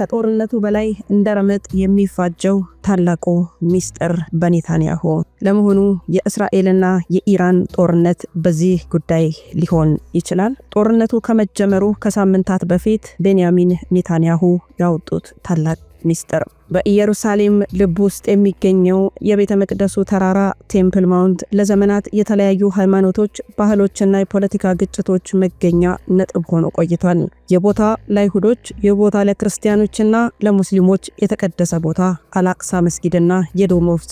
ከጦርነቱ በላይ እንደ ረመጥ የሚፋጀው ታላቁ ሚስጥር በኔታንያሁ። ለመሆኑ የእስራኤልና የኢራን ጦርነት በዚህ ጉዳይ ሊሆን ይችላል? ጦርነቱ ከመጀመሩ ከሳምንታት በፊት ቤንያሚን ኔታንያሁ ያወጡት ታላቅ ሚስጥር በኢየሩሳሌም ልብ ውስጥ የሚገኘው የቤተ መቅደሱ ተራራ ቴምፕል ማውንት ለዘመናት የተለያዩ ሃይማኖቶች፣ ባህሎችና የፖለቲካ ግጭቶች መገኛ ነጥብ ሆኖ ቆይቷል። የቦታ ለአይሁዶች፣ የቦታ ለክርስቲያኖችና ለሙስሊሞች የተቀደሰ ቦታ አላቅሳ መስጊድና የዶም ኦፍ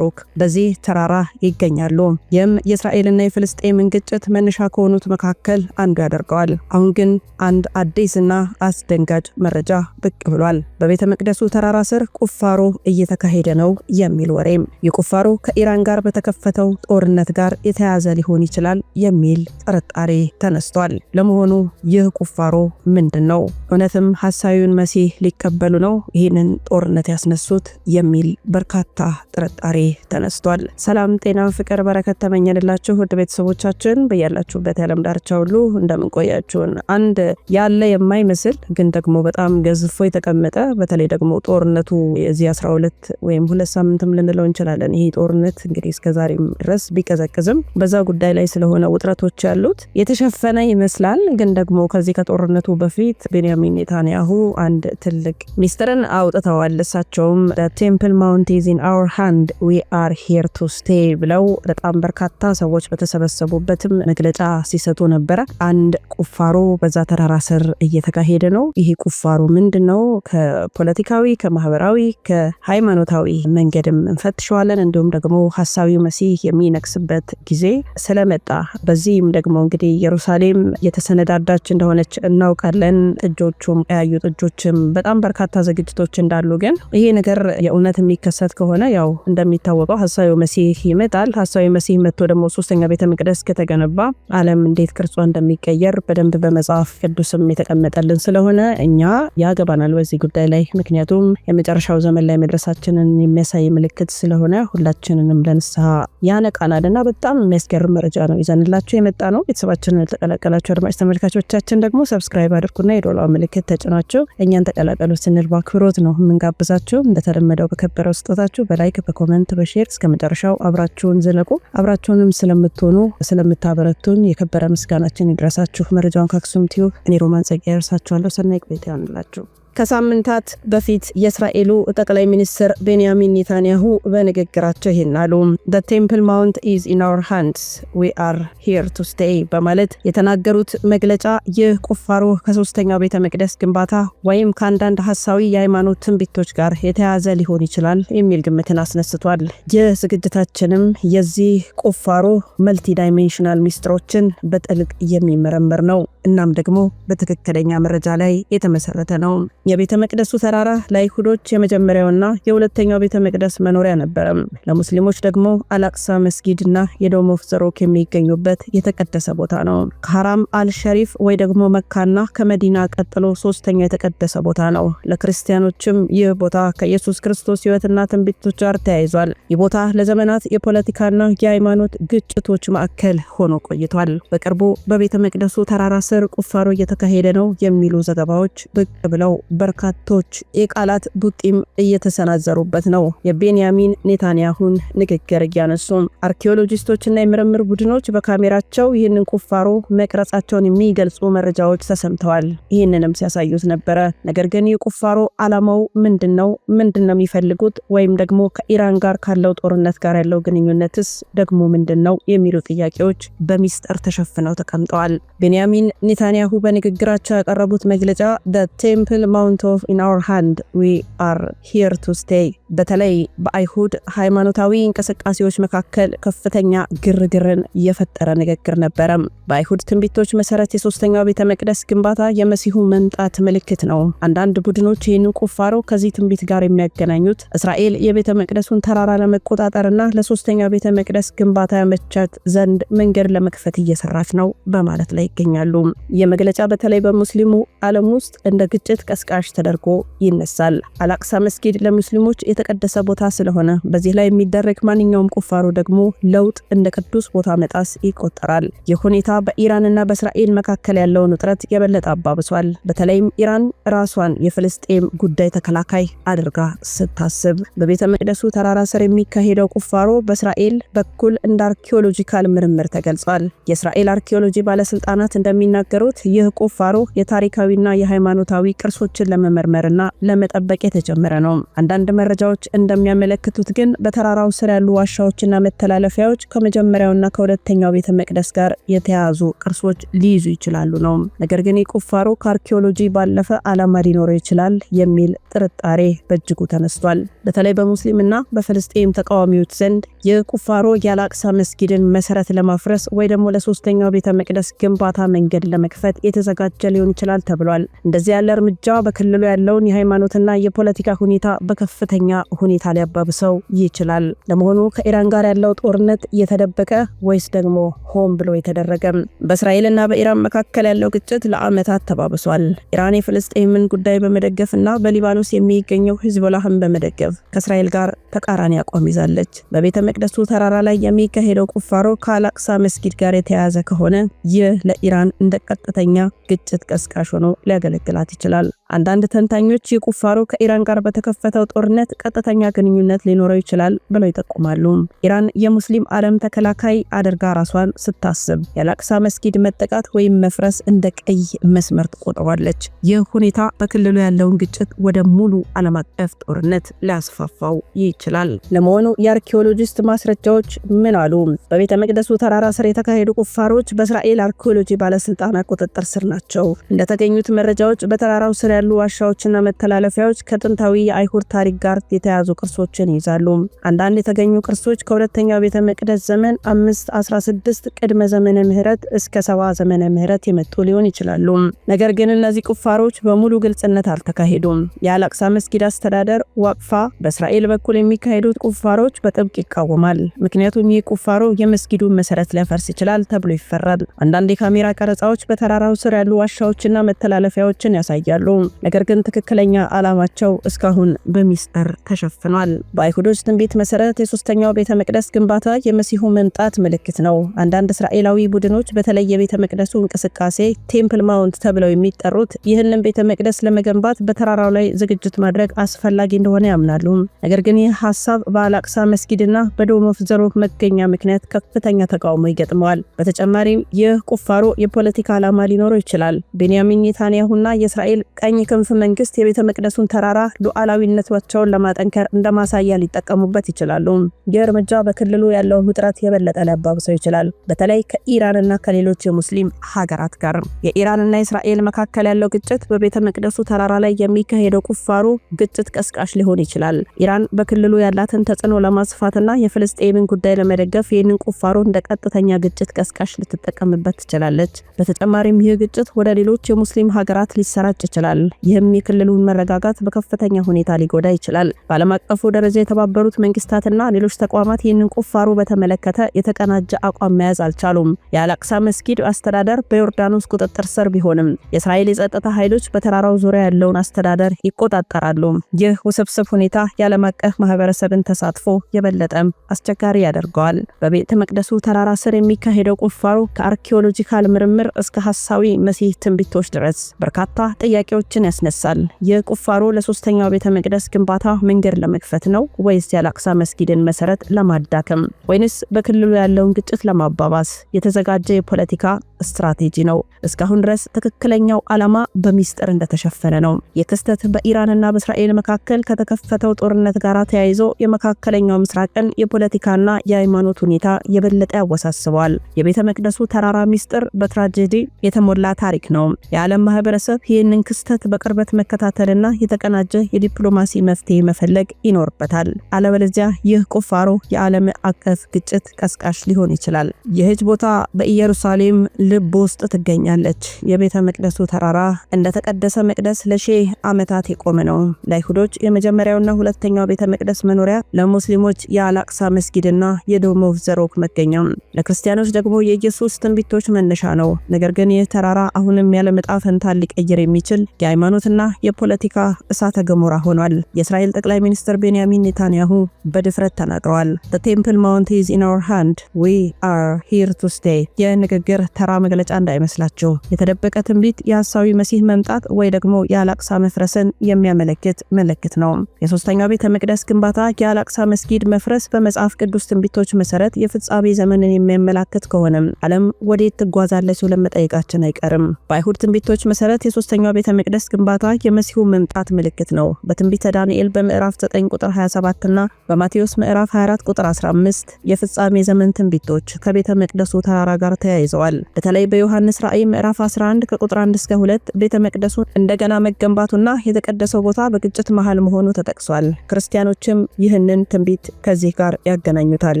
በዚህ ተራራ ይገኛሉ። ይህም የእስራኤልና የፍልስጤምን ግጭት መነሻ ከሆኑት መካከል አንዱ ያደርገዋል። አሁን ግን አንድ አዲስና አስደንጋጭ መረጃ ብቅ ብሏል። በቤተ መቅደሱ ተራራ ስር ቁፍ ቁፋሮ እየተካሄደ ነው የሚል ወሬም ይህ ቁፋሮ ከኢራን ጋር በተከፈተው ጦርነት ጋር የተያዘ ሊሆን ይችላል የሚል ጥርጣሬ ተነስቷል። ለመሆኑ ይህ ቁፋሮ ምንድን ነው? እውነትም ሐሳዊውን መሲህ ሊቀበሉ ነው ይህንን ጦርነት ያስነሱት የሚል በርካታ ጥርጣሬ ተነስቷል። ሰላም፣ ጤና፣ ፍቅር፣ በረከት ተመኘንላችሁ ውድ ቤተሰቦቻችን በያላችሁበት የዓለም ዳርቻ ሁሉ እንደምንቆያችሁን አንድ ያለ የማይመስል ግን ደግሞ በጣም ገዝፎ የተቀመጠ በተለይ ደግሞ ጦርነቱ እዚህ 12 ወይም ሁለት ሳምንትም ልንለው እንችላለን። ይሄ ጦርነት እንግዲህ እስከዛሬም ድረስ ቢቀዘቅዝም በዛ ጉዳይ ላይ ስለሆነ ውጥረቶች ያሉት የተሸፈነ ይመስላል። ግን ደግሞ ከዚህ ከጦርነቱ በፊት ቤንያሚን ኔታንያሁ አንድ ትልቅ ሚስጥርን አውጥተዋል። እሳቸውም ቴምፕል ማውንት ኢዝ ኢን አወር ሃንድ ዊ አር ሄር ቱ ስቴ ብለው በጣም በርካታ ሰዎች በተሰበሰቡበትም መግለጫ ሲሰጡ ነበረ። አንድ ቁፋሮ በዛ ተራራ ስር እየተካሄደ ነው። ይሄ ቁፋሮ ምንድን ነው? ከፖለቲካዊ፣ ከማህበራዊ፣ ከሃይማኖታዊ መንገድም እንፈትሸዋለን። እንዲሁም ደግሞ ሀሳዊ መሲህ የሚነግስበት ጊዜ ስለመጣ በዚህም ደግሞ እንግዲህ ኢየሩሳሌም የተሰነዳዳች እንደሆነች እናውቃለን። ጥጆቹም ቀያዩ ጥጆችም በጣም በርካታ ዝግጅቶች እንዳሉ ግን ይሄ ነገር የእውነት የሚከሰት ከሆነ ያው እንደሚታወቀው ሀሳዊ መሲህ ይመጣል። ሀሳዊ መሲህ መጥቶ ደግሞ ሶስተኛ ቤተ መቅደስ ከተገነባ ዓለም እንዴት ቅርጿ እንደሚቀየር በደንብ በመጽሐፍ ቅዱስም የተቀመጠልን ስለሆነ እኛ ያገባናል በዚህ ጉዳይ ላይ ምክንያቱም የመጨረሻው ዘመን ላይ መድረሳችንን የሚያሳይ ምልክት ስለሆነ ሁላችንንም ለንስሐ ያነቃናል እና በጣም የሚያስገርም መረጃ ነው ይዘንላችሁ የመጣ ነው። ቤተሰባችንን ያልተቀላቀላችሁ አድማጭ ተመልካቾቻችን ደግሞ ሰብስክራይብ አድርጉና የዶላ ምልክት ተጭናቸው እኛን ተቀላቀሉ ስንል በአክብሮት ነው የምንጋብዛችሁ። እንደተለመደው በከበረው ስጦታችሁ በላይክ በኮመንት በሼር እስከ መጨረሻው አብራችሁን ዘለቁ። አብራችሁንም ስለምትሆኑ ስለምታበረቱን የከበረ ምስጋናችን ይድረሳችሁ። መረጃውን ከአክሱም ቲዩብ እኔ ሮማን ጸጋ ያርሳችኋለሁ። ሰናይ ቆይታ ያንላችሁ። ከሳምንታት በፊት የእስራኤሉ ጠቅላይ ሚኒስትር ቤንያሚን ኔታንያሁ በንግግራቸው ይህን አሉ። ዘ ቴምፕል ማውንት ኢዝ ኢን አወር ሃንድስ ዊ አር ሂር ቱ ስቴይ በማለት የተናገሩት መግለጫ ይህ ቁፋሮ ከሶስተኛው ቤተ መቅደስ ግንባታ ወይም ከአንዳንድ ሀሳዊ የሃይማኖት ትንቢቶች ጋር የተያያዘ ሊሆን ይችላል የሚል ግምትን አስነስቷል። ይህ ዝግጅታችንም የዚህ ቁፋሮ መልቲ ዳይሜንሽናል ሚስጥሮችን በጥልቅ የሚመረምር ነው እናም ደግሞ በትክክለኛ መረጃ ላይ የተመሰረተ ነው። የቤተ መቅደሱ ተራራ ለአይሁዶች የመጀመሪያውና የሁለተኛው ቤተ መቅደስ መኖሪያ ነበረ። ለሙስሊሞች ደግሞ አላቅሳ መስጊድ እና የዶም ኦፍ የሚገኙበት የተቀደሰ ቦታ ነው። ከሐራም አልሸሪፍ ወይ ደግሞ መካና ከመዲና ቀጥሎ ሶስተኛ የተቀደሰ ቦታ ነው። ለክርስቲያኖችም ይህ ቦታ ከኢየሱስ ክርስቶስ ህይወትና ትንቢቶች ጋር ተያይዟል። ይህ ቦታ ለዘመናት የፖለቲካና የሃይማኖት ግጭቶች ማዕከል ሆኖ ቆይቷል። በቅርቡ በቤተ መቅደሱ ተራራ ስር ቁፋሮ እየተካሄደ ነው የሚሉ ዘገባዎች ብቅ ብለው በርካቶች የቃላት ቡጢም እየተሰናዘሩበት ነው። የቤንያሚን ኔታንያሁን ንግግር እያነሱ አርኪኦሎጂስቶችና የምርምር ቡድኖች በካሜራቸው ይህንን ቁፋሮ መቅረጻቸውን የሚገልጹ መረጃዎች ተሰምተዋል። ይህንንም ሲያሳዩት ነበረ። ነገር ግን የቁፋሮ ዓላማው አላማው ምንድን ነው? ምንድን ነው የሚፈልጉት? ወይም ደግሞ ከኢራን ጋር ካለው ጦርነት ጋር ያለው ግንኙነትስ ደግሞ ምንድን ነው የሚሉ ጥያቄዎች በሚስጥር ተሸፍነው ተቀምጠዋል። ቤንያሚን ኔታንያሁ በንግግራቸው ያቀረቡት መግለጫ ደ ቴምፕል ማውንት ኦፍ ኢን አወር ሃንድ ዊ አር ሂር ቱ ስቴይ በተለይ በአይሁድ ሃይማኖታዊ እንቅስቃሴዎች መካከል ከፍተኛ ግርግርን የፈጠረ ንግግር ነበረም። በአይሁድ ትንቢቶች መሰረት የሶስተኛው ቤተ መቅደስ ግንባታ የመሲሁ መምጣት ምልክት ነው። አንዳንድ ቡድኖች ይህንን ቁፋሮ ከዚህ ትንቢት ጋር የሚያገናኙት እስራኤል የቤተ መቅደሱን ተራራ ለመቆጣጠርና ለሶስተኛው ቤተ መቅደስ ግንባታ ያመቻት ዘንድ መንገድ ለመክፈት እየሰራች ነው በማለት ላይ ይገኛሉ። የመግለጫ በተለይ በሙስሊሙ ዓለም ውስጥ እንደ ግጭት ቀስቃሽ ተደርጎ ይነሳል። አላቅሳ መስጊድ ለሙስሊሞች የተቀደሰ ቦታ ስለሆነ በዚህ ላይ የሚደረግ ማንኛውም ቁፋሮ ደግሞ ለውጥ እንደ ቅዱስ ቦታ መጣስ ይቆጠራል። ይህ ሁኔታ በኢራንና በእስራኤል መካከል ያለውን ውጥረት የበለጠ አባብሷል። በተለይም ኢራን ራሷን የፍልስጤም ጉዳይ ተከላካይ አድርጋ ስታስብ በቤተ መቅደሱ ተራራ ስር የሚካሄደው ቁፋሮ በእስራኤል በኩል እንደ አርኪኦሎጂካል ምርምር ተገልጿል። የእስራኤል አርኪኦሎጂ ባለስልጣን ባለስልጣናት እንደሚናገሩት ይህ ቁፋሮ የታሪካዊና የሃይማኖታዊ ቅርሶችን ለመመርመርና ለመጠበቅ የተጀመረ ነው። አንዳንድ መረጃዎች እንደሚያመለክቱት ግን በተራራው ስር ያሉ ዋሻዎችና መተላለፊያዎች ከመጀመሪያውና ከሁለተኛው ቤተ መቅደስ ጋር የተያያዙ ቅርሶች ሊይዙ ይችላሉ ነው። ነገር ግን ይህ ቁፋሮ ከአርኪኦሎጂ ባለፈ ዓላማ ሊኖረው ይችላል የሚል ጥርጣሬ በእጅጉ ተነስቷል። በተለይ በሙስሊምና በፍልስጤም ተቃዋሚዎች ዘንድ ይህ ቁፋሮ የአላቅሳ መስጊድን መሰረት ለማፍረስ ወይ ደግሞ ለሶስተኛው ቤተ መቅደስ ግንባ የግንባታ መንገድ ለመክፈት የተዘጋጀ ሊሆን ይችላል ተብሏል። እንደዚህ ያለ እርምጃ በክልሉ ያለውን የሃይማኖትና የፖለቲካ ሁኔታ በከፍተኛ ሁኔታ ሊያባብሰው ይችላል። ለመሆኑ ከኢራን ጋር ያለው ጦርነት የተደበቀ ወይስ ደግሞ ሆን ብሎ የተደረገም? በእስራኤልና በኢራን መካከል ያለው ግጭት ለዓመታት ተባብሷል። ኢራን የፍልስጤምን ጉዳይ በመደገፍ እና በሊባኖስ የሚገኘው ሂዝቦላህን በመደገፍ ከእስራኤል ጋር ተቃራኒ አቋም ይዛለች። በቤተ መቅደሱ ተራራ ላይ የሚካሄደው ቁፋሮ ከአላቅሳ መስጊድ ጋር የተያያዘ ከሆነ ይህ ለኢራን እንደ ቀጥተኛ ግጭት ቀስቃሽ ሆኖ ሊያገለግላት ይችላል። አንዳንድ ተንታኞች የቁፋሮ ከኢራን ጋር በተከፈተው ጦርነት ቀጥተኛ ግንኙነት ሊኖረው ይችላል ብለው ይጠቁማሉ። ኢራን የሙስሊም ዓለም ተከላካይ አድርጋ ራሷን ስታስብ የአላቅሳ መስጊድ መጠቃት ወይም መፍረስ እንደ ቀይ መስመር ትቆጥሯለች። ይህ ሁኔታ በክልሉ ያለውን ግጭት ወደ ሙሉ ዓለም አቀፍ ጦርነት ሊያስፋፋው ይችላል። ለመሆኑ የአርኪኦሎጂስት ማስረጃዎች ምን አሉ? በቤተ መቅደሱ ተራራ ስር የተካሄዱ ቁፋሮች በእስራኤል አርኪኦሎጂ የሳውዲ ባለስልጣናት ቁጥጥር ስር ናቸው። እንደተገኙት መረጃዎች በተራራው ስር ያሉ ዋሻዎችና መተላለፊያዎች ከጥንታዊ የአይሁር ታሪክ ጋር የተያዙ ቅርሶችን ይይዛሉ። አንዳንድ የተገኙ ቅርሶች ከሁለተኛው ቤተ መቅደስ ዘመን 516 ቅድመ ዘመነ ምህረት እስከ ሰባ ዘመነ ምህረት የመጡ ሊሆን ይችላሉ። ነገር ግን እነዚህ ቁፋሮች በሙሉ ግልጽነት አልተካሄዱም። የአላቅሳ መስጊድ አስተዳደር ዋቅፋ በእስራኤል በኩል የሚካሄዱት ቁፋሮች በጥብቅ ይቃወማል። ምክንያቱም ይህ ቁፋሮ የመስጊዱን መሰረት ሊያፈርስ ይችላል ተብሎ ይፈራል። አንዳንድ የካሜራ ቀረጻዎች በተራራው ስር ያሉ ዋሻዎችና መተላለፊያዎችን ያሳያሉ። ነገር ግን ትክክለኛ ዓላማቸው እስካሁን በሚስጥር ተሸፍኗል። በአይሁዶች ትንቢት መሰረት የሶስተኛው ቤተ መቅደስ ግንባታ የመሲሁ መምጣት ምልክት ነው። አንዳንድ እስራኤላዊ ቡድኖች በተለይ የቤተ መቅደሱ እንቅስቃሴ ቴምፕል ማውንት ተብለው የሚጠሩት ይህንን ቤተ መቅደስ ለመገንባት በተራራው ላይ ዝግጅት ማድረግ አስፈላጊ እንደሆነ ያምናሉ። ነገር ግን ይህ ሀሳብ በአላቅሳ መስጊድና በዶም ኦፍ ዘ ሮክ መገኛ ምክንያት ከፍተኛ ተቃውሞ ይገጥመዋል። በተጨማሪም ይህ ቁፋ ጅማሮ የፖለቲካ ዓላማ ሊኖረው ይችላል። ቤንያሚን ኔታንያሁና የእስራኤል ቀኝ ክንፍ መንግስት የቤተ መቅደሱን ተራራ ሉዓላዊነታቸውን ለማጠንከር እንደ ማሳያ ሊጠቀሙበት ይችላሉ። የእርምጃ በክልሉ ያለውን ውጥረት የበለጠ ሊያባብሰው ይችላል፣ በተለይ ከኢራንና ከሌሎች የሙስሊም ሀገራት ጋር። የኢራንና የእስራኤል መካከል ያለው ግጭት በቤተ መቅደሱ ተራራ ላይ የሚካሄደው ቁፋሮ ግጭት ቀስቃሽ ሊሆን ይችላል። ኢራን በክልሉ ያላትን ተጽዕኖ ለማስፋትና የፍልስጤምን ጉዳይ ለመደገፍ ይህንን ቁፋሮ እንደ ቀጥተኛ ግጭት ቀስቃሽ ልትጠቀምበት ትችላል። ትችላለች። በተጨማሪም ይህ ግጭት ወደ ሌሎች የሙስሊም ሀገራት ሊሰራጭ ይችላል። ይህም የክልሉን መረጋጋት በከፍተኛ ሁኔታ ሊጎዳ ይችላል። በዓለም አቀፉ ደረጃ የተባበሩት መንግስታትና ሌሎች ተቋማት ይህንን ቁፋሮ በተመለከተ የተቀናጀ አቋም መያዝ አልቻሉም። የአላቅሳ መስጊድ አስተዳደር በዮርዳኖስ ቁጥጥር ስር ቢሆንም የእስራኤል የጸጥታ ኃይሎች በተራራው ዙሪያ ያለውን አስተዳደር ይቆጣጠራሉ። ይህ ውስብስብ ሁኔታ የዓለም አቀፍ ማህበረሰብን ተሳትፎ የበለጠም አስቸጋሪ ያደርገዋል። በቤተ መቅደሱ ተራራ ስር የሚካሄደው ቁፋሮ ከአርኪኦሎጂካ የአካል ምርምር እስከ ሐሳዊ መሲህ ትንቢቶች ድረስ በርካታ ጥያቄዎችን ያስነሳል። ይህ ቁፋሮ ለሶስተኛው ቤተ መቅደስ ግንባታ መንገድ ለመክፈት ነው ወይስ የአላቅሳ መስጊድን መሰረት ለማዳከም ወይንስ በክልሉ ያለውን ግጭት ለማባባስ የተዘጋጀ የፖለቲካ ስትራቴጂ ነው። እስካሁን ድረስ ትክክለኛው ዓላማ በሚስጥር እንደተሸፈነ ነው። የክስተት በኢራንና በእስራኤል መካከል ከተከፈተው ጦርነት ጋር ተያይዞ የመካከለኛው ምስራቅን የፖለቲካና የሃይማኖት ሁኔታ የበለጠ ያወሳስበዋል። የቤተ መቅደሱ ተራራ ሚስጥር በትራጀዲ የተሞላ ታሪክ ነው። የዓለም ማህበረሰብ ይህንን ክስተት በቅርበት መከታተልና የተቀናጀ የዲፕሎማሲ መፍትሄ መፈለግ ይኖርበታል። አለበለዚያ ይህ ቁፋሮ የዓለም አቀፍ ግጭት ቀስቃሽ ሊሆን ይችላል። ይህች ቦታ በኢየሩሳሌም ልብ ውስጥ ትገኛለች። የቤተ መቅደሱ ተራራ እንደ ተቀደሰ መቅደስ ለሺህ ዓመታት የቆመ ነው። ለአይሁዶች የመጀመሪያውና ሁለተኛው ቤተ መቅደስ መኖሪያ፣ ለሙስሊሞች የአላቅሳ መስጊድና የዶም ኦፍ ዘ ሮክ መገኛ፣ ለክርስቲያኖች ደግሞ የኢየሱስ ትንቢቶች መነሻ ነው። ነገር ግን ይህ ተራራ አሁንም ያለ ዕጣ ፈንታን ሊቀይር የሚችል የሃይማኖትና የፖለቲካ እሳተ ገሞራ ሆኗል። የእስራኤል ጠቅላይ ሚኒስትር ቤንያሚን ኔታንያሁ በድፍረት ተናግረዋል። ቴምፕል ማውንት ኢዝ ኢን አወር ሃንድ ዊ አር ሂር ቱ ስቴይ። የንግግር ተራ መግለጫ እንዳይመስላችሁ። የተደበቀ ትንቢት የሐሳዊ መሲህ መምጣት ወይ ደግሞ የአላቅሳ መፍረስን የሚያመለክት ምልክት ነው። የሶስተኛው ቤተ መቅደስ ግንባታ የአላቅሳ መስጊድ መፍረስ በመጽሐፍ ቅዱስ ትንቢቶች መሰረት የፍጻሜ ዘመንን የሚያመላክት ከሆነም ዓለም ወዴት ትጓዛለች ብለን መጠየቃችን አይቀርም። በአይሁድ ትንቢቶች መሰረት የሶስተኛው ቤተ መቅደስ ግንባታ የመሲሁ መምጣት ምልክት ነው። በትንቢተ ዳንኤል በምዕራፍ 9 ቁጥር 27 እና በማቴዎስ ምዕራፍ 24 ቁጥር 15 የፍጻሜ ዘመን ትንቢቶች ከቤተ መቅደሱ ተራራ ጋር ተያይዘዋል። በተለይ በዮሐንስ ራእይ ምዕራፍ 11 ከቁጥር 1 እስከ 2 ቤተ መቅደሱ እንደገና መገንባቱና የተቀደሰው ቦታ በግጭት መሃል መሆኑ ተጠቅሷል። ክርስቲያኖችም ይህንን ትንቢት ከዚህ ጋር ያገናኙታል።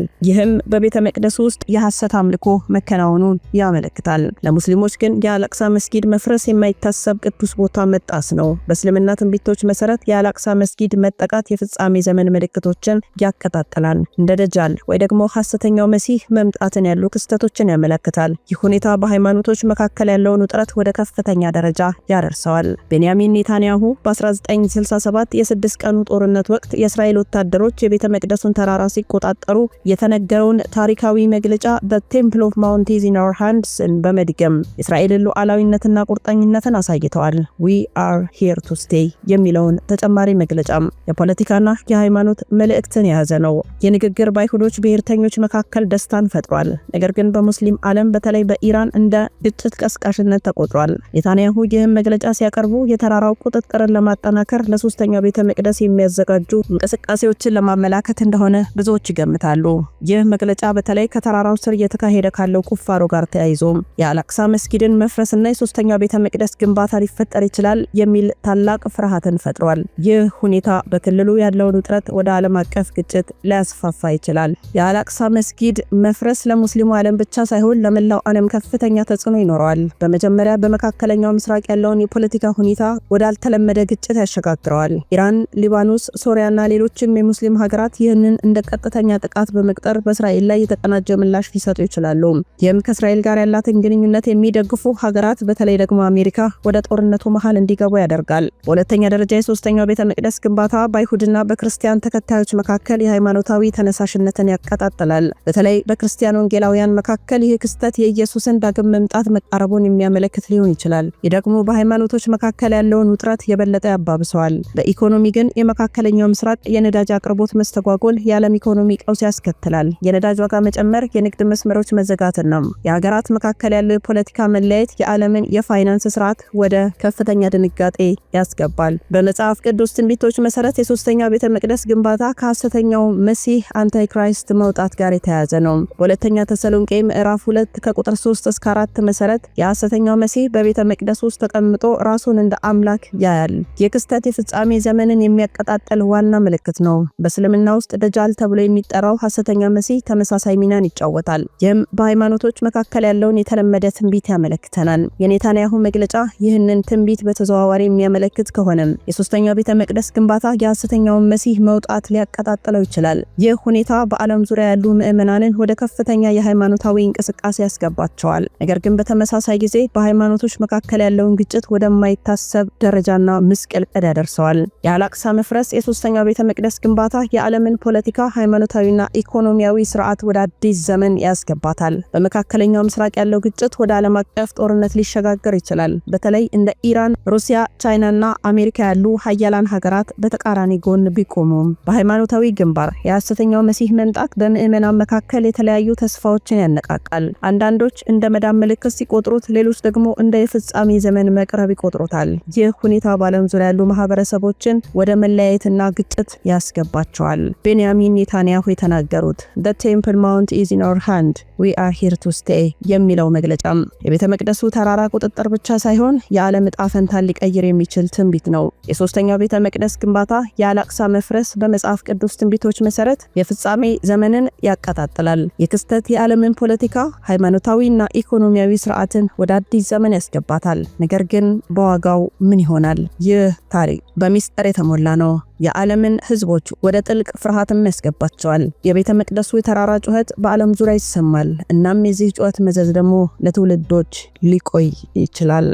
ይህም በቤተ መቅደሱ ውስጥ የሐሰት አምልኮ መከናወኑን ያመለክታል። ለሙስሊሞች ግን የአላቅሳ መስጊድ መፍረስ የማይታሰብ ቅዱስ ቦታ መጣስ ነው። በእስልምና ትንቢቶች መሰረት የአላቅሳ መስጊድ መጠቃት የፍጻሜ ዘመን ምልክቶችን ያቀጣጥላል። እንደ ደጃል ወይ ደግሞ ሐሰተኛው መሲህ መምጣትን ያሉ ክስተቶችን ያመለክታል። ይህ ሁኔታ በሃይማኖቶች መካከል ያለውን ውጥረት ወደ ከፍተኛ ደረጃ ያደርሰዋል። ቤንያሚን ኔታንያሁ በ1967 የስድስት ቀኑ ጦርነት ወቅት የእስራኤል ወታደሮች የቤተ መቅደሱን ተራራ ሲቆጣጠሩ የተነገረውን ታሪካዊ መግለጫ በቴምፕል ኦፍ ማውንቴዝ ኢን አወር ሃንድስን በመድገም የእስራኤልን ሉዓላዊነትና ቁርጠኝነትን አሳይተዋል። ዊ አር ሄር ቱ ስቴይ የሚለውን ተጨማሪ መግለጫም የፖለቲካና የሃይማኖት መልእክትን የያዘ ነው። የንግግር በአይሁዶች ብሔርተኞች መካከል ደስታን ፈጥሯል። ነገር ግን በሙስሊም ዓለም በተለይ በኢራን ኢራን እንደ ግጭት ቀስቃሽነት ተቆጥሯል። ኔታንያሁ ይህም መግለጫ ሲያቀርቡ የተራራው ቁጥጥርን ለማጠናከር ለሶስተኛው ቤተ መቅደስ የሚያዘጋጁ እንቅስቃሴዎችን ለማመላከት እንደሆነ ብዙዎች ይገምታሉ። ይህ መግለጫ በተለይ ከተራራው ስር እየተካሄደ ካለው ቁፋሮ ጋር ተያይዞ የአላቅሳ መስጊድን መፍረስና የሶስተኛው ቤተ መቅደስ ግንባታ ሊፈጠር ይችላል የሚል ታላቅ ፍርሃትን ፈጥሯል። ይህ ሁኔታ በክልሉ ያለውን ውጥረት ወደ ዓለም አቀፍ ግጭት ሊያስፋፋ ይችላል። የአላቅሳ መስጊድ መፍረስ ለሙስሊሙ ዓለም ብቻ ሳይሆን ለመላው ዓለም ከፍ ከፍተኛ ተጽዕኖ ይኖረዋል። በመጀመሪያ በመካከለኛው ምስራቅ ያለውን የፖለቲካ ሁኔታ ወዳልተለመደ ግጭት ያሸጋግረዋል። ኢራን፣ ሊባኖስ፣ ሶሪያና ሌሎችም የሙስሊም ሀገራት ይህንን እንደ ቀጥተኛ ጥቃት በመቅጠር በእስራኤል ላይ የተቀናጀ ምላሽ ሊሰጡ ይችላሉ። ይህም ከእስራኤል ጋር ያላትን ግንኙነት የሚደግፉ ሀገራት በተለይ ደግሞ አሜሪካ ወደ ጦርነቱ መሀል እንዲገቡ ያደርጋል። በሁለተኛ ደረጃ የሶስተኛው ቤተ መቅደስ ግንባታ በአይሁድና በክርስቲያን ተከታዮች መካከል የሃይማኖታዊ ተነሳሽነትን ያቀጣጥላል። በተለይ በክርስቲያን ወንጌላውያን መካከል ይህ ክስተት የኢየሱስን ዘንድ ዳግም መምጣት መቃረቡን የሚያመለክት ሊሆን ይችላል። ይህ ደግሞ በሃይማኖቶች መካከል ያለውን ውጥረት የበለጠ ያባብሰዋል። በኢኮኖሚ ግን የመካከለኛው ምስራቅ የነዳጅ አቅርቦት መስተጓጎል የዓለም ኢኮኖሚ ቀውስ ያስከትላል። የነዳጅ ዋጋ መጨመር የንግድ መስመሮች መዘጋትን ነው። የሀገራት መካከል ያለው የፖለቲካ መለያየት የዓለምን የፋይናንስ ስርዓት ወደ ከፍተኛ ድንጋጤ ያስገባል። በመጽሐፍ ቅዱስ ትንቢቶች መሰረት የሶስተኛው ቤተ መቅደስ ግንባታ ከሐሰተኛው መሲህ አንታይክራይስት መውጣት ጋር የተያያዘ ነው። በሁለተኛ ተሰሎንቄ ምዕራፍ 2 ከቁጥር 3 እስከ 4 መሰረት የሐሰተኛው መሲህ በቤተ መቅደስ ውስጥ ተቀምጦ ራሱን እንደ አምላክ ያያል። የክስተት የፍጻሜ ዘመንን የሚያቀጣጠል ዋና ምልክት ነው። በእስልምና ውስጥ ደጃል ተብሎ የሚጠራው ሐሰተኛ መሲህ ተመሳሳይ ሚናን ይጫወታል። ይህም በሃይማኖቶች መካከል ያለውን የተለመደ ትንቢት ያመለክተናል። የኔታንያሁ መግለጫ ይህንን ትንቢት በተዘዋዋሪ የሚያመለክት ከሆነም የሶስተኛው ቤተ መቅደስ ግንባታ የሐሰተኛውን መሲህ መውጣት ሊያቀጣጥለው ይችላል። ይህ ሁኔታ በዓለም ዙሪያ ያሉ ምዕመናንን ወደ ከፍተኛ የሃይማኖታዊ እንቅስቃሴ ያስገባቸዋል። ተናግረዋል። ነገር ግን በተመሳሳይ ጊዜ በሃይማኖቶች መካከል ያለውን ግጭት ወደማይታሰብ ደረጃና ምስቅልቅል ያደርሰዋል። የአላቅሳ መፍረስ፣ የሶስተኛው ቤተ መቅደስ ግንባታ የዓለምን ፖለቲካ፣ ሃይማኖታዊና ኢኮኖሚያዊ ስርዓት ወደ አዲስ ዘመን ያስገባታል። በመካከለኛው ምስራቅ ያለው ግጭት ወደ ዓለም አቀፍ ጦርነት ሊሸጋገር ይችላል። በተለይ እንደ ኢራን፣ ሩሲያ፣ ቻይናና አሜሪካ ያሉ ሀያላን ሀገራት በተቃራኒ ጎን ቢቆሙም በሃይማኖታዊ ግንባር የሐሰተኛው መሲህ መምጣት በምዕመናን መካከል የተለያዩ ተስፋዎችን ያነቃቃል። አንዳንዶች እንደ መዳን ምልክት ሲቆጥሩት፣ ሌሎች ደግሞ እንደ የፍጻሜ ዘመን መቅረብ ይቆጥሩታል። ይህ ሁኔታ በዓለም ዙሪያ ያሉ ማህበረሰቦችን ወደ መለያየትና ግጭት ያስገባቸዋል። ቤንያሚን ኔታንያሁ የተናገሩት ደ ቴምፕል ማውንት ኢዝ ኢን አወር ሃንድ ዊ አር ሂር ቱ ስቴይ የሚለው መግለጫም የቤተ መቅደሱ ተራራ ቁጥጥር ብቻ ሳይሆን የዓለም ዕጣ ፈንታን ሊቀይር የሚችል ትንቢት ነው። የሶስተኛው ቤተ መቅደስ ግንባታ የአላቅሳ መፍረስ በመጽሐፍ ቅዱስ ትንቢቶች መሰረት የፍጻሜ ዘመንን ያቀጣጥላል። የክስተት የዓለምን ፖለቲካ ሃይማኖታዊና የኢኮኖሚያዊ ስርዓትን ወደ አዲስ ዘመን ያስገባታል። ነገር ግን በዋጋው ምን ይሆናል? ይህ ታሪክ በሚስጥር የተሞላ ነው። የዓለምን ህዝቦች ወደ ጥልቅ ፍርሃትም ያስገባቸዋል። የቤተ መቅደሱ የተራራ ጩኸት በዓለም ዙሪያ ይሰማል። እናም የዚህ ጩኸት መዘዝ ደግሞ ለትውልዶች ሊቆይ ይችላል።